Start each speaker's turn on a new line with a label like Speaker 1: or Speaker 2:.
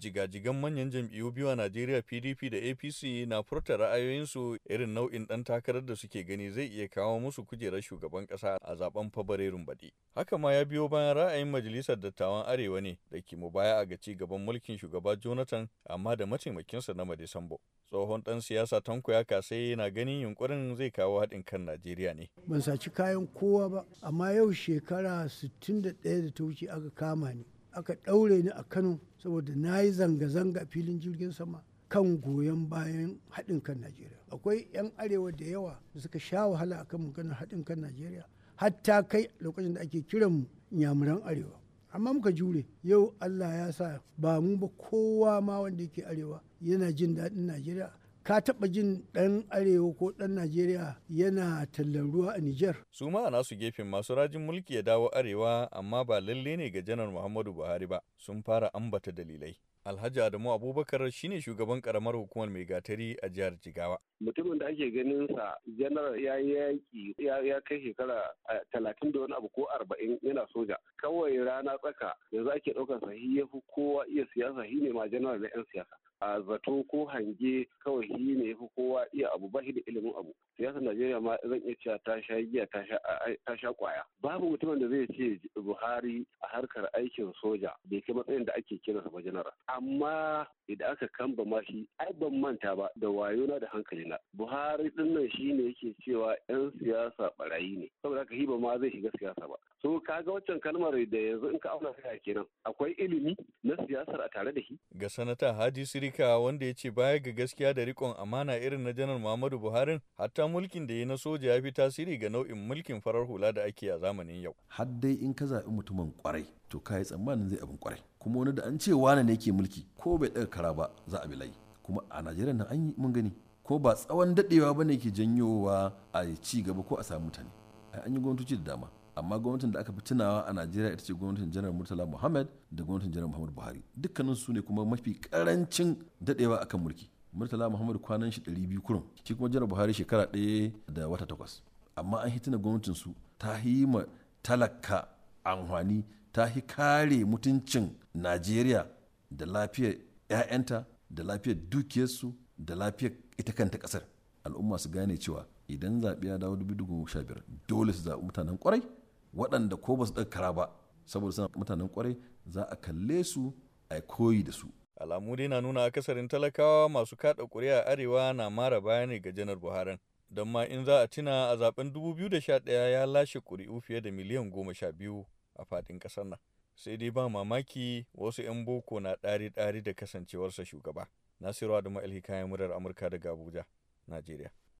Speaker 1: jigajigan manyan jam'iyyu biyu a Najeriya PDP da APC na furta ra'ayoyinsu irin nau'in ɗan takarar da suke gani zai iya kawo musu kujerar shugaban ƙasa a zaben Fabrairun baɗi. Haka ma ya biyo bayan ra'ayin Majalisar Dattawan Arewa ne da ke mu baya a ga ci gaban mulkin shugaba Jonathan amma da mataimakinsa na Madisambo. Tsohon ɗan siyasa Tanko ya kasai yana ganin yunkurin zai kawo haɗin kan Najeriya ne.
Speaker 2: Ban saci kayan kowa ba, amma yau shekara 61 da ta wuce aka kama ni. aka ɗaure ni a kano saboda na yi zanga-zanga filin jirgin sama kan goyon bayan haɗin kan najeriya akwai 'yan arewa da yawa da suka sha wahala akan maganar haɗin kan najeriya hatta kai lokacin da ake kiran mu nyamuran arewa amma muka jure yau allah ya sa ba mu ba kowa ma wanda yake arewa yana jin daɗin najeriya ka taɓa jin dan arewa ko dan najeriya yana tallan ruwa a niger.
Speaker 1: su ma a nasu gefen masu rajin mulki ya dawo arewa amma ba lalle ne ga janar muhammadu buhari ba sun fara ambata dalilai Alhaji Adamu Abubakar shine shugaban karamar hukumar mai gatari a jihar Jigawa.
Speaker 3: Mutumin da ake ganin sa janar ya yaki ya kai shekara talatin da wani abu ko arba'in yana soja. Kawai rana tsaka yanzu ake ɗaukar sahi ya fi kowa iya siyasa shi ne ma janar na 'yan siyasa. a zato ko hange kawai shi ne fi kowa iya abu ba shi da ilimin abu siyasar najeriya ma zan iya cewa ta sha giya ta sha kwaya babu mutumin da zai ce buhari a harkar aikin soja bai kai matsayin da ake kiransa ba janar amma idan aka kamba ma shi ai ban manta ba da wayona da hankali na. buhari din nan shi ne yake cewa yan siyasa barayi ne saboda haka hiba ma zai shiga siyasa ba so kaga waccan kalmar da yanzu in ka auna sai kenan akwai ilimi na siyasar a tare da shi
Speaker 1: ga sanata hadi sirik Amurka wanda ya ce baya ga gaskiya da rikon amana irin na Janar Muhammadu Buhari hatta mulkin da ya na soja ya fi tasiri ga nau'in mulkin farar hula da ake a zamanin yau.
Speaker 4: Har dai in ka zaɓi mutumin kwarai to ka yi tsammanin zai abin kwarai. Kuma wani da an ce wane ne ke mulki ko bai ɗaga kara ba za a bi layi. Kuma a Najeriya nan an yi mun gani ko ba tsawon daɗewa ba ne ke janyowa a ci gaba ko a samu mutane. An yi gwamnatoci da dama. amma gwamnatin da aka fi tunawa a najeriya ita ce gwamnatin janar murtala muhammad da gwamnatin janar muhammad buhari dukkanin su ne kuma mafi karancin dadewa akan mulki murtala muhammad kwanan shi 200 kurum shi kuma janar buhari shekara ɗaya da wata takwas amma an hitina gwamnatin su ta yi ma talaka amfani ta yi kare mutuncin najeriya da lafiyar 'ya'yanta da lafiyar dukiyarsu da lafiyar ita kanta kasar al'umma su gane cewa idan zaɓe ya dawo 2015 dole su zaɓi mutanen kwarai waɗanda
Speaker 1: ko ba su ɗaga kara ba saboda suna mutanen kwarai za a kalle su a koyi da su alamu dai na nuna akasarin talakawa masu kada ƙuri'a arewa na mara baya ne ga janar buhari don ma in za a tuna a zaben 2011 ya lashe ƙuri'u fiye da miliyan goma sha biyu a faɗin ƙasar nan sai dai ba mamaki wasu 'yan boko na ɗari-ɗari da kasancewarsa shugaba nasiru adamu alhikayen murar amurka daga abuja najeriya